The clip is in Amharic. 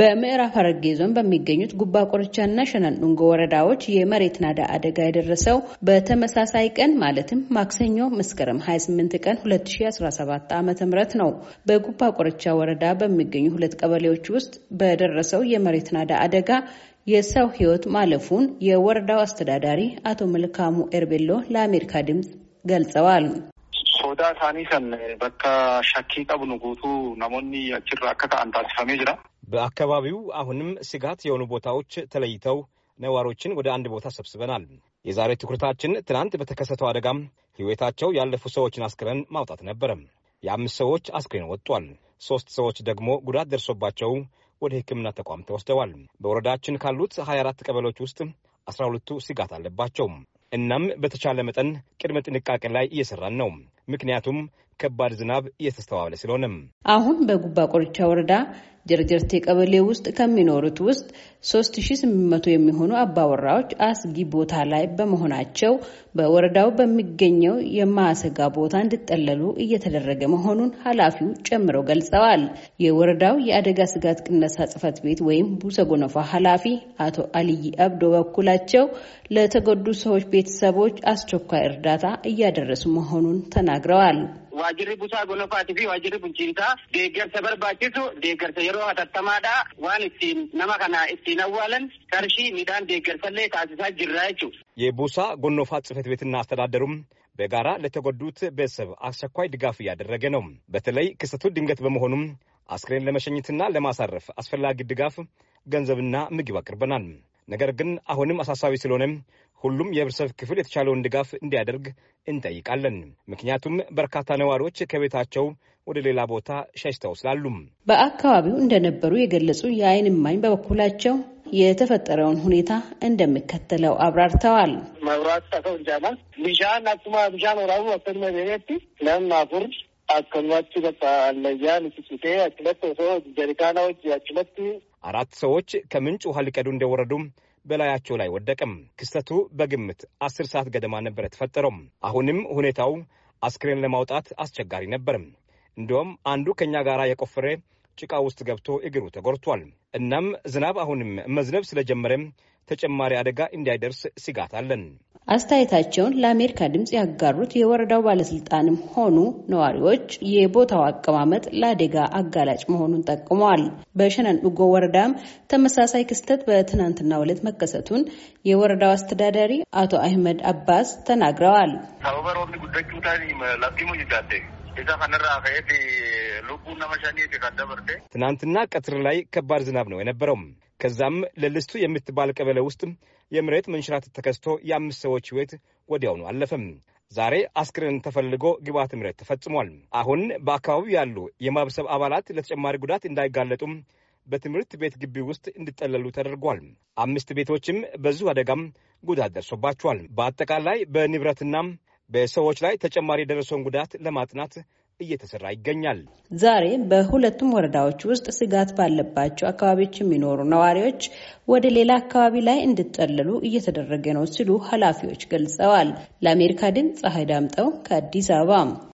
በምዕራብ ሐረርጌ ዞን በሚገኙት ጉባ ቆርቻና ሸነን ዱንጎ ወረዳዎች የመሬት ናዳ አደጋ የደረሰው በተመሳሳይ ቀን ማለትም ማክሰኞ መስከረም 28 ቀን 2017 ዓ ም ነው። በጉባ ቆርቻ ወረዳ በሚገኙ ሁለት ቀበሌዎች ውስጥ በደረሰው የመሬት ናዳ አደጋ የሰው ሕይወት ማለፉን የወረዳው አስተዳዳሪ አቶ መልካሙ ኤርቤሎ ለአሜሪካ ድምፅ ገልጸዋል። ሶዳ ሳኒ ሰን በካ ሸኪ ቀብኑ ጉቱ ናሞኒ አችራ አከታ አንታሲፈሜ ጅራ በአካባቢው አሁንም ስጋት የሆኑ ቦታዎች ተለይተው ነዋሪዎችን ወደ አንድ ቦታ ሰብስበናል። የዛሬ ትኩረታችን ትናንት በተከሰተው አደጋም ሕይወታቸው ያለፉ ሰዎችን አስክሬን ማውጣት ነበረ። የአምስት ሰዎች አስክሬን ወጥቷል። ሦስት ሰዎች ደግሞ ጉዳት ደርሶባቸው ወደ ሕክምና ተቋም ተወስደዋል። በወረዳችን ካሉት 24 ቀበሌዎች ውስጥ 12 ስጋት አለባቸው። እናም በተቻለ መጠን ቅድመ ጥንቃቄ ላይ እየሰራን ነው። ምክንያቱም ከባድ ዝናብ እየተስተዋለ ስለሆነም አሁን በጉባ ቆርቻ ወረዳ ጀርጀርቴ ቀበሌ ውስጥ ከሚኖሩት ውስጥ 3800 የሚሆኑ አባወራዎች አስጊ ቦታ ላይ በመሆናቸው በወረዳው በሚገኘው የማሰጋ ቦታ እንዲጠለሉ እየተደረገ መሆኑን ኃላፊው ጨምረው ገልጸዋል። የወረዳው የአደጋ ስጋት ቅነሳ ጽፈት ቤት ወይም ቡሰጎነፋ ኃላፊ አቶ አልይ አብዶ በኩላቸው ለተጎዱ ሰዎች ቤተሰቦች አስቸኳይ እርዳታ እያደረሱ መሆኑን ተናግረዋል። ተናግረዋል። ዋጅሪ ቡሳ ጎኖፋቲ ፊ ዋጅሪ ቡንቺንታ ደገርሰ በርባችሱ ደገርሰ የሮ አታተማዳ ዋን እቲን ነማ ከና እቲን አዋለን ከርሺ ሚዳን ደገርሰለ ታስሳ ጅራ ችሁ የቡሳ ጎኖፋ ጽህፈት ቤትና አስተዳደሩም በጋራ ለተጎዱት ቤተሰብ አስቸኳይ ድጋፍ እያደረገ ነው። በተለይ ክስተቱ ድንገት በመሆኑም አስክሬን ለመሸኘትና ለማሳረፍ አስፈላጊ ድጋፍ ገንዘብና ምግብ አቅርበናል። ነገር ግን አሁንም አሳሳቢ ስለሆነ ሁሉም የህብረተሰብ ክፍል የተቻለውን ድጋፍ እንዲያደርግ እንጠይቃለን። ምክንያቱም በርካታ ነዋሪዎች ከቤታቸው ወደ ሌላ ቦታ ሸሽተው ስላሉ። በአካባቢው እንደነበሩ የገለጹ የአይን እማኝ በበኩላቸው የተፈጠረውን ሁኔታ እንደሚከተለው አብራርተዋል። መብራት ጠፈው እንጃማ ቢሻን አኩማ ቢሻን ኖራቡ አተን መቤቤት ለማፉር አኩር አከማች በቃ አለያን ስጭቴ አችለት ሰ ጀሪካናዎች አችለት አራት ሰዎች ከምንጭ ውሃ ሊቀዱ እንደወረዱ በላያቸው ላይ ወደቀም። ክስተቱ በግምት አስር ሰዓት ገደማ ነበር የተፈጠረው። አሁንም ሁኔታው አስክሬን ለማውጣት አስቸጋሪ ነበርም እንዲሁም አንዱ ከእኛ ጋር የቆፈረ ጭቃ ውስጥ ገብቶ እግሩ ተጎርቷል። እናም ዝናብ አሁንም መዝነብ ስለጀመረ ተጨማሪ አደጋ እንዳይደርስ ስጋት አለን። አስተያየታቸውን ለአሜሪካ ድምፅ ያጋሩት የወረዳው ባለስልጣንም ሆኑ ነዋሪዎች የቦታው አቀማመጥ ለአደጋ አጋላጭ መሆኑን ጠቁመዋል። በሸነን ዱጎ ወረዳም ተመሳሳይ ክስተት በትናንትናው ዕለት መከሰቱን የወረዳው አስተዳዳሪ አቶ አህመድ አባስ ተናግረዋል። ትናንትና ቀትር ላይ ከባድ ዝናብ ነው የነበረውም። ከዛም ለልስቱ የምትባል ቀበሌ ውስጥ የመሬት መንሸራተት ተከስቶ የአምስት ሰዎች ሕይወት ወዲያውኑ አለፈም። ዛሬ አስክሬን ተፈልጎ ግብዓተ መሬት ተፈጽሟል። አሁን በአካባቢው ያሉ የማህበረሰብ አባላት ለተጨማሪ ጉዳት እንዳይጋለጡም በትምህርት ቤት ግቢ ውስጥ እንዲጠለሉ ተደርጓል። አምስት ቤቶችም በዚሁ አደጋም ጉዳት ደርሶባቸዋል። በአጠቃላይ በንብረትና በሰዎች ላይ ተጨማሪ የደረሰውን ጉዳት ለማጥናት እየተሰራ ይገኛል። ዛሬ በሁለቱም ወረዳዎች ውስጥ ስጋት ባለባቸው አካባቢዎች የሚኖሩ ነዋሪዎች ወደ ሌላ አካባቢ ላይ እንዲጠለሉ እየተደረገ ነው ሲሉ ኃላፊዎች ገልጸዋል። ለአሜሪካ ድምፅ ፀሐይ ዳምጠው ከአዲስ አበባ